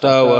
tawa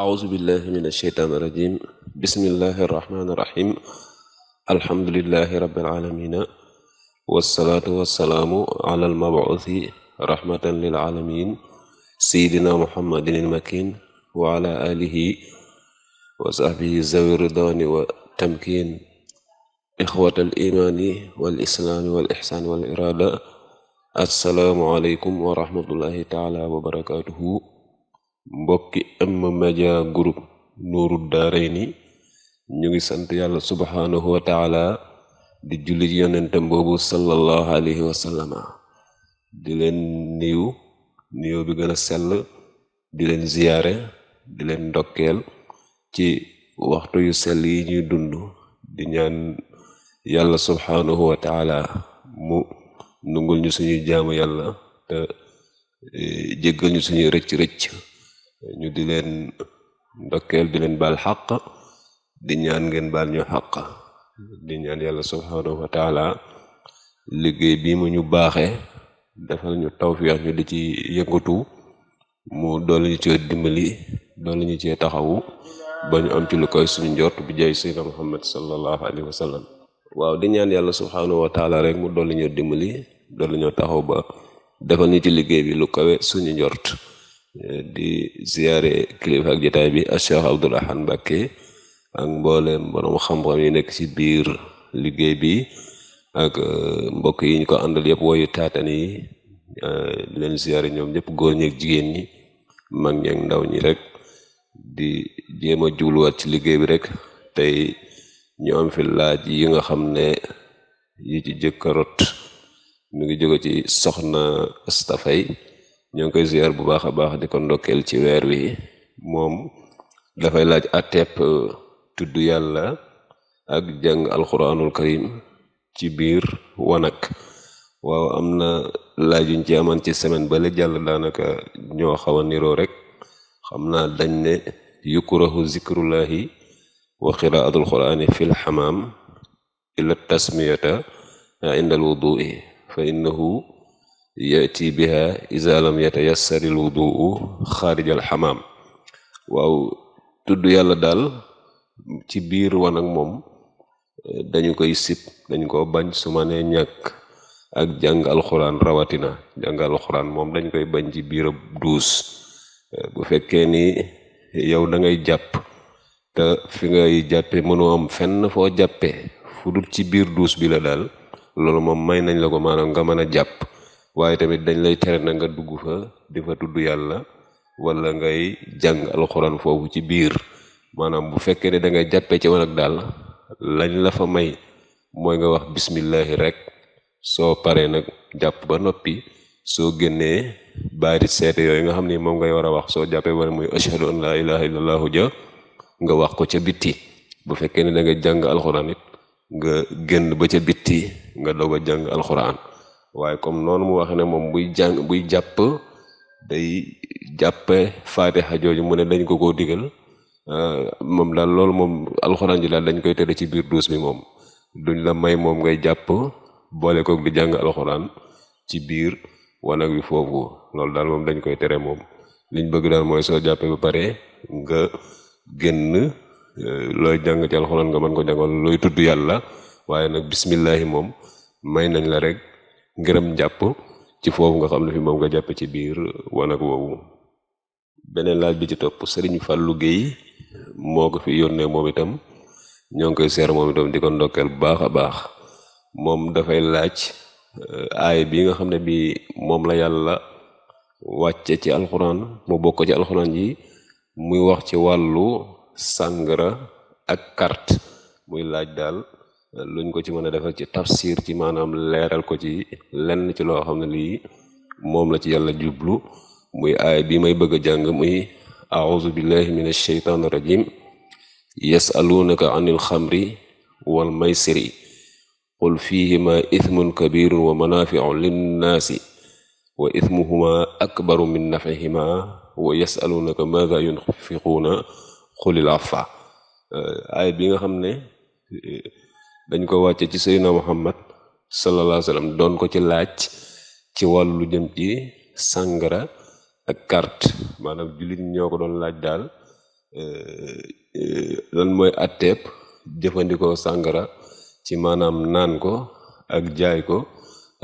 أعوذ بالله من الشيطان الرجيم بسم الله الرحمن الرحيم الحمد لله رب العالمين والصلاة والسلام على المبعوث رحمة للعالمين سيدنا محمد المكين وعلى آله وصحبه ذوي الرضوان والتمكين إخوة الإيمان والإسلام والإحسان والإرادة السلام عليكم ورحمة الله تعالى وبركاته mbokki M Media Group nuuru daarayni ñu ngi sant yàlla subhaanahu wa di julli ci yonentem boobu sallallahu alayhi wa sallama di leen niiw niyu bi gën a sell di leen ziyaare di leen ndokkeel ci waxtu yu sell yi ñuy dund di ñaan yàlla subhaanahu wa taala mu nungul ñu suñuy jaamu yàlla te eh, jéggal ñu suñuy rëcc-rëcc ñu di leen ndokkeel di leen baal xàq di ñaan ngeen baal ñu xàq di ñaan yàlla subhaanahu wa taala liggéey bii mu ñu baaxe defal ñu tawfeex ñu di ci yëngatu mu dool ñu cee dimbali doole ñu cee taxawu ba ñu am ci lu koy suñu njort bi jay sayyidina muhammad sallallahu alayhi wa sallam waaw di ñaan yàlla subhaanahu wa taala rek mu doole ñu dimbali doole ñu taxaw ba defal ñu ci liggéey bi lu kawe suñu njort di ziyaare kilifa ak jotaay bi ak Cheikh Abdoul Ahad Mbacké ak mbooleem borom xam-xam yi nekk ci biir liggéey bi ak euh, mbokk yi ñu ko àndal yëpp woyu taatan yi di euh, leen ziyaare ñoom ñëpp góor ñeeg jigéen ñi mag ñeeg ndaw ñi rek di jéem a jubluwaat ci liggéey bi rek tey ñu am fi laaj yi nga xam ne yi ci jëkkarot mi ngi jóge ci soxna Stafay ñoo ngi koy ziar bu baax a baax di ko ndokkeel ci weer wi moom dafay laaj àtteep euh, tudd yàlla ak jàng alxuraanul karim ci biir wanag waaw am na laaj yuñ ci aman ci semaine bale jàll daanaka ñoo xaw a niroo rek xam naa dañ ne yukrahu zikrullahi wa qiraatul quraani fil xamaam illa tasmiyata inda al wudui fa innahu yati biha isalam lam yatayassar al wudu'u xaarij al xamaam waaw tudd yàlla daal ci biir wan moom eh, dañ koy sib dañ ko bañ su ma nee ñàkk ak jàng alxuraan rawatina jàng alxuraan moom dañ koy bañ ci biir ab duus eh, bu fekkee ni yow dangay jàpp te fi ngay jàppe mënoo am fenn foo jàppe fu ci biir duus bi la daal loolu moom may nañ la ko maanaam nga mën a jàpp waaye tamit dañ lay tere na nga dugg fa di fa tudd yàlla wala ngay jàng alxuraan foofu ci biir maanaam bu fekkee ne da ngay jàppee ci wanag daal la fa may mooy nga wax bismillahi rek soo paree nag jàpp ba noppi soo génnee baari seete yooyu nga xam ni moom ngay war a wax soo jàppee ba muy ashhadu an laa ilaha illallahu ja nga wax ko ca bitti bu fekkee ne da jàng alxuraan it nga génn ba ca bitti nga doog a jàng alxuraan waaye comme noonu mu waxee ne moom muy jàng buy jàpp day jàppe faatixa xajooju mu ne dañ ko ko digal euh, moom daal loolu moom alxuraan ji daal dañ koy tere ci biir duus bi moom duñ la may moom ngay jàpp boole koog di jàng alxuraan ci biir wanag wi foofu loolu daal moom dañ koy tere moom liñ bëgg daal mooy soo jàppee ba pare nga génn euh, looy jàng ci alxuraan nga man ko jàngal looy tudd yàlla waaye nag bismillahi moom may nañ la rek ngërëm njàpp ci foofu nga xam ne fi moom nga jàpp ci biir wanag woowu beneen laaj bi ci topp sëriñ Fallou Guèye moo ko fi yónnee moom itam ñoo ngi koy seer moom itam di ko ndokkeel bu baax a baax moom dafay laaj eh, aay bi nga xam ne bi moom la yàlla wàcce ci alxuraan mu bokk ci alxuraan ji muy wax ci wàllu sàngara ak carte muy laaj daal luñ ko ci mën a defal ci tafsir ci maanaam leeral ko ci lenn ci loo xam ne lii moom la ci yàlla jublu muy aay bi may bëgg a jàng muy auzu billahi min asheytaan rajim yasaluunaka anil xamri wal maysiri qul fihima ithmun kabirun wa manafiu linnaasi wa ithmuhuma akbaru min nafihima wa yasalunaka maada yunfiquuna qulil afa aay bi nga xam ne dañ ko wàcce ci seydina muhammad sallallahu alayhi doon ko ci laaj ci wàllu jëm ci sàngara ak carte maanaam jullit ñoo ko doon laaj daal euh, euh, lan mooy atteeb jëfandikoo sàngara ci maanaam naan ko ak jaay ko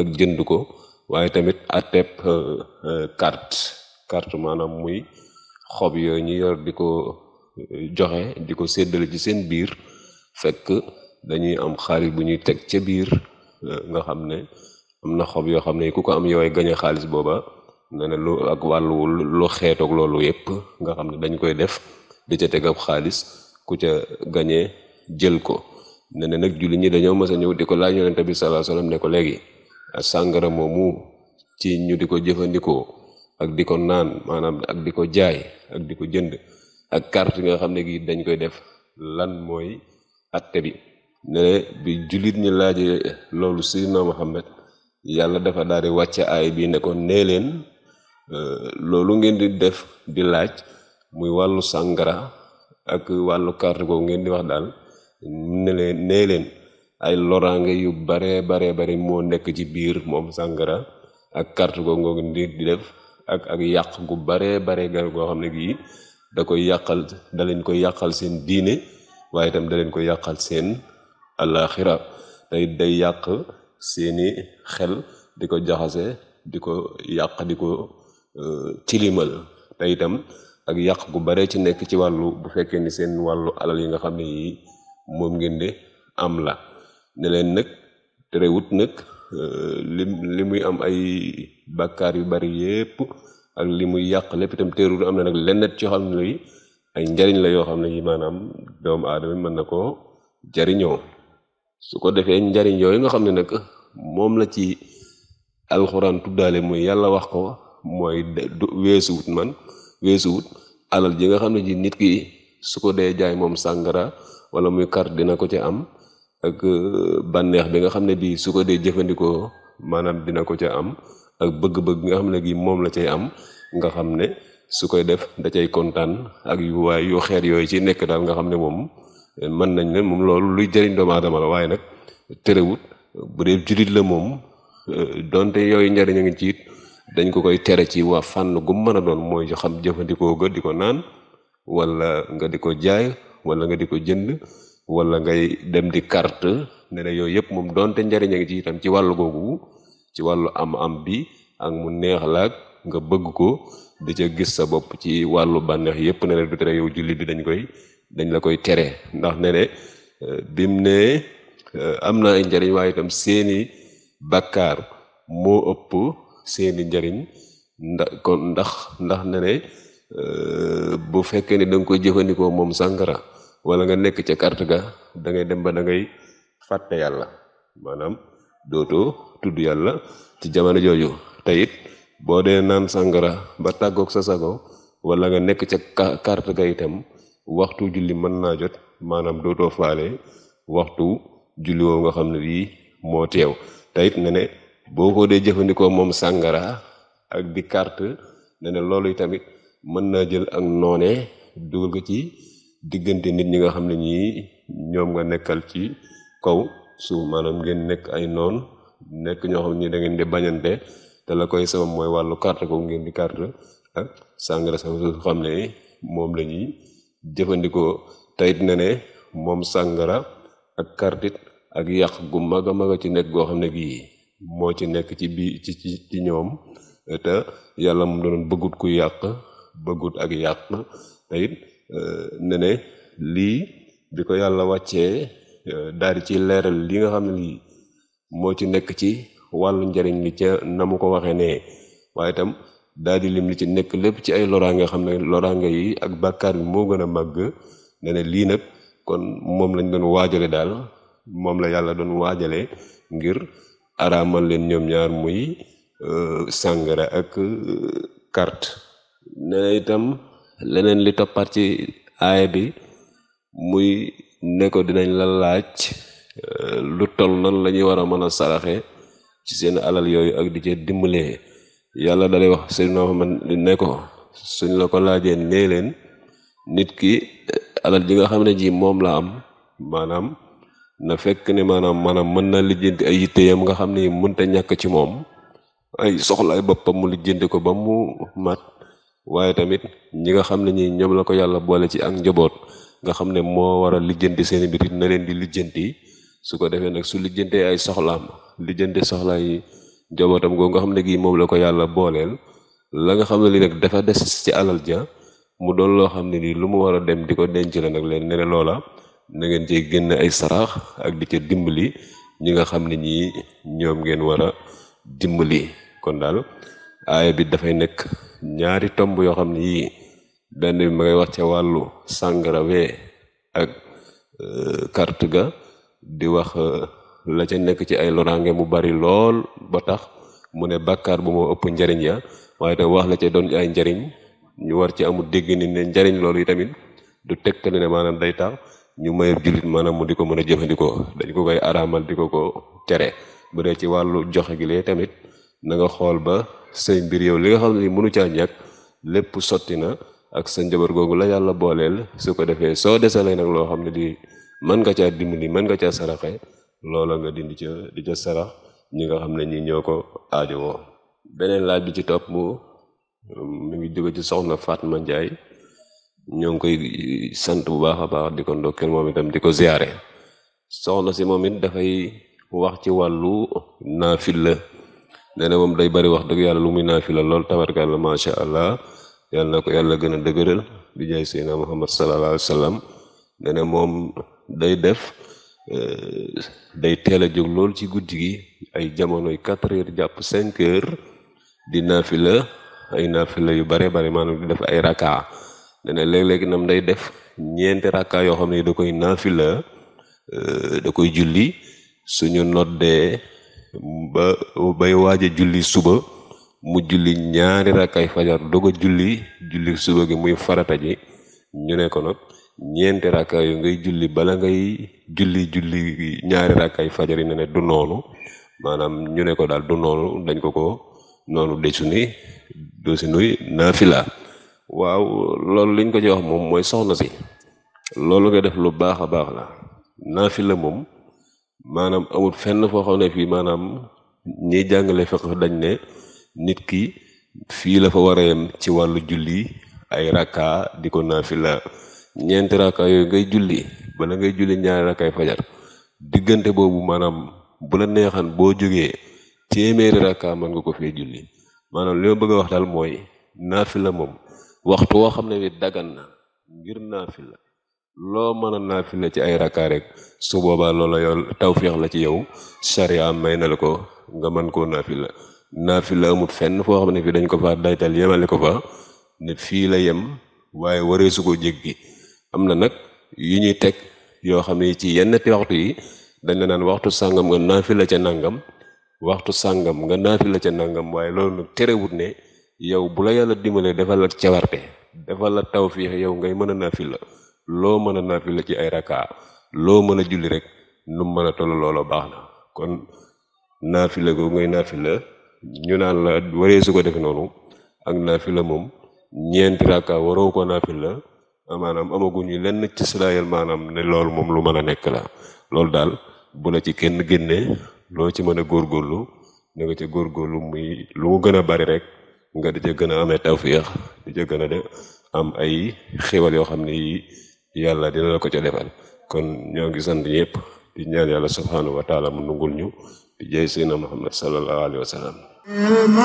ak jënd ko waaye tamit atteeb euh, carte maanaam muy xob yooyu ñu yor di ko joxe di ko seddale ci seen biir fekk dañuy am xaalis bu ñuy teg ca biir eh, nga xam ne am na xob yoo xam ne ku ko am yooy gañ xaalis booba ne ne lu ak wàllu lu xeetoog loolu yépp nga xam ne dañ koy def di ca teg ab xaalis ku ca gañee jël ko ne ne nag julli ñi dañoo mës a ñëw di ko laaj yonente bi sallallahu alayhi wasallam ne ko léegi sàngara moomu ci ñu di ko jëfandikoo ak di ko naan maanaam ak di ko jaay ak di ko jënd ak carte nga xam ne gi dañ koy def lan mooy atte bi ne bi jullit ñi laaj loolu Seydina Muhammad yàlla dafa daal di wàcce ay bii ne ko nee leen euh, loolu ngeen di def di laaj muy wàllu sàngara ak wàllu carte googu ngeen di wax daal ne leen nee leen ay loraange yu bare bare bare moo nekk ci biir moom sàngara ak kart googu ngeen di def ak ak yàq gu bare bare gar goo xam ne gii da koy yàqal da leen koy yàqal seen diine waaye tam da leen koy yàqal seen alaxira tey day yàq seeni xel di ko jaxase di ko yàq di ko euh, tilimal te ak yàq gu bare ci nekk ci wàllu bu fekkee ni seen wàllu alal yi nga xam ne yii moom ngeen de am la ne leen nag terewut nag euh, li li muy am ay bàkkaar yu bari yépp ak li muy yàq lépp itam teerul am na nag lennet ci xam ne ay njariñ la yoo xam ne yi maanaam doomu aadama mën na ko jariñoo su ko defee njariñ yooyu nga xam ne nag moom la ci alxuraan tuddaale muy yàlla wax ko mooy weesuwut man weesuwut alal ji nga xam ne ji nit ki su ko dee jaay moom sàngara wala muy kar dina ko ci am ak euh, bànneex bi nga xam ne bii su ko dee jëfandikoo maanaam dina ko ci am ak bëgg-bëgg nga xam ne gi moom la cay am nga xam ne su koy def da cay kontaan ak yu waay yu xeet yooyu ci nekk daal nga xam ne moom mën nañ ne moom loolu luy jëriñ doomu aadama la waaye nag terewut bu dee jullit la moom euh, donte yooyu njariñ a ngi ci it dañ ko koy tere ci waa fànn gu mën a doon mooy xam jëfandikoo ga di ko naan wala nga di ko jaay wala nga di ko jënd wala ngay dem di kart ne yooyu yëpp moom donte njariñ a ngi ci itam ci wàllu googu ci wàllu am-am bi ak mu neex laag nga bëgg ko di ca gis sa bopp ci wàllu bànneex yëpp ne na du tere yow jullit bi dañ koy dañ la koy tere ndax ne ne euh, bim ne euh, am na ay njariñ waaye itam seeni bakkaar moo ëpp seeni njariñ ndax kon ndax ndax ne ne euh, bu fekkee ni danga nga koy jëfandikoo moom sàngara wala nga nekk ca kart ga da ngay dem ba dangay ngay fàtte yàlla maanaam dooto tudd yàlla ci jamono jooju te it boo dee naan sàngara ba tàggook sa sago wala nga nekk ca carte ga itam waxtu julli mën naa jot maanaam dootoo faale waxtu julli woowu nga xam ne bii moo teew te it ne ne boo ko dee jëfandikoo moom sàngara ak di carte ne ne loolu tamit mën naa jël ak noone dugal ko ci diggante nit ñi nga xam ne ñi ñoom nga nekkal ci kaw suuf maanaam ngeen nekk ay noon nekk ñoo xam ne da ngeen di bañante te la koy sabab mooy wàllu carte ko ngeen di kart ak sàngara sa xam ne moom la ñuy jëfandikoo tayit ne ne moom sàngara ak kartit ak yàq gu mag a ci nekk goo xam ne gii moo ci nekk ci bi ci ci ñoom te yàlla mu doon bëggut ku yàq bëggut ak yàq tayit euh, ne ne lii bi ko yàlla wàccee euh, daal di ci leeral li nga xam ne lii moo ci nekk ci wàllu njariñ li ca na mu ko waxee ne waaye itam daal di lim li ci nekk lépp ci ay loraange nga xam ne loraange yi ak bàkkaar bi moo gën a màgg ne lii nag kon moom lañ doon waajale daal moom la yàlla doon waajale ngir araamal leen ñoom ñaar muy euh, sàngara ak euh, carte itam leneen li toppaat ci aaya bi muy nekkoo dinañ la laaj euh, lu toll nan la ñuy war a mën a saraxe ci seen alal yooyu ak di ca dimbalee yàlla dalay wax Seydina Muhammad ne ko suñ la ko laajee nee leen nit ki alal ji nga xam ne ji moom la am maanaam na fekk ne maanaam maanaam mën na lijjanti ay yitteyam nga xam ne mënta ñàkk ci moom ay soxlaay boppam mu lijjanti ko ba mu mat waaye tamit ñi nga xam ne ñi ñoom la ko yàlla boole ci ak njaboot nga xam ne moo war a lijjanti seeni mbir na leen di lijjanti su ko defee nag su lijjantee ay soxlaam lijjante soxlaa yi njabootam googu nga xam ne gi moom la ko yàlla booleel la nga xam ne lii nag dafa des ci alal ja mu doon loo xam ne nii lu mu war a dem di ko denc la nag leen ne loola na ngeen cee génn ay saraax ak di ca dimbali ñi nga xam ne ñii ñoom ngeen war a dimbali kon daal aaya bi dafay nekk ñaari tomb yoo xam ne yii benn bi ma ngay wax ca wàllu sàngara wee ak kart euh, ga di wax euh, la ca nekk ci ay lonaange mu bari lool ba tax mu ne bakkaar bu moo ëpp njariñ ya waaye tam wax la ca doon ay njariñ ñu war ci amul dégg ni ne njariñ loolu yi tamit du teg tegtali ne maanaam day tax ñu mayëb jullit maanaam mu di ko mën a jëfandikoo dañu ko koy araamal di ko ko tere bu dee ci wàllu joxe gi lee tamit na nga xool ba say mbir yow li nga xam ne li mënu caa ñàkk lépp sotti na ak sa njaboot googu la yàlla booleel su ko defee soo desalee nag lo xam ne di mën nga caa dimbali mën nga caa saraxe looloo nga dindi ca di ca sarax ñi nga xam ne ñi ñoo ko aajowoo beneen laaj bi ci topp mu mu ngi jóge ci soxna Fatma Ndiaye ñoo ngi koy sant bu baax a baax di ko ndokkeel moom itam di ko ziyaare soxna si moom it dafay wax ci wàllu naafila nee na moom day bari wax dëgg yàlla lu muy naa naafila lool tabarkàlla macha allah yàlla na ko yàlla gën a dëgëral bi jaay Seydina Muhammad sallallahu wa sallam nee moom day def Euh, day teel a jóg lool ci guddi gi ay jamonoy quatre heures jàpp cinq heures di naafila ay naafila yu bare bare maanaam di def ay rakka ne ne léeg-léeg nam day def ñeenti raka yoo xam ne da koy naafila euh, da koy julli suñu noddee ba bay waaj a julli suba mu julli ñaari rakkay fajar doog a julli julli suba gi muy farata ji ñu ne ko ñeenti rakka yu ngay julli bala ngay julli julli ñaari rakkay fajar yi ne ne du noonu maanaam ñu ne ko daal du noonu dañ ko ko noonu desu ni doo si nuy naafila waaw loolu liñ ko ci wax moom mooy soxna si loolu nga def lu baax a baax la naafila moom maanaam amul fenn foo xam ne fii maanaam ñiy jàngale fiqh dañ ne nit ki fii la fa war ci wàllu julli ay rakka di ko naafila ñeenti rakka yooyu ngay julli bala ngay julli ñaari rakkay fajar diggante boobu maanaam bu la neexan boo jógee téeméeri rakka mën nga ko fee julli maanaam li bëgg a wax daal mooy naafila moom waxtu woo xam ne wi dagan na ngir naafila loo mën a naafila ci ay rakka su boobaa loola yow tawféex la ci yow sariya may na la ko nga mën koo naafila naafila amut fenn foo xam ne fi dañ ko fa daytal yemale ko fa ne fii la yem waaye waree su ko jéggi am na nag yu ñuy teg yoo xam ne ci yenn ti waxtu yi dañ la naan waxtu sàngam nga naafi la ca nangam waxtu sàngam nga naafi la ca nangam waaye loolu nag terewut ne yow bu la yàlla dimbalee defal la cawarte defal la tawfiix yow ngay mën a naafi la loo mën a naafi la ci ay raka loo mën a julli rek nu mën a toll loolo baax na kon naafi la googu ngay naafi la ñu naan la waree su ko defe noonu ak naafi moom ñeenti raka waroo ko naafi maanaam amaguñu lenn ci silaayal maanaam ne loolu moom lu mën a nekk la loolu daal bu la ci kenn génnee loo ci mën góor góorlu na nga ci góorgóorlu muy lu mu gën a bari rek nga di ca gën a amee tawfiix di ca gën a de am ay xéwal yoo xam ni yàlla dina la ko ca defal kon ñoo ngi sant ñëpp di ñaan yàlla subhaanahu wa taala mu nungul ñu di jay seydina muhammad sallallahu alayhi wa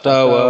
فتاوى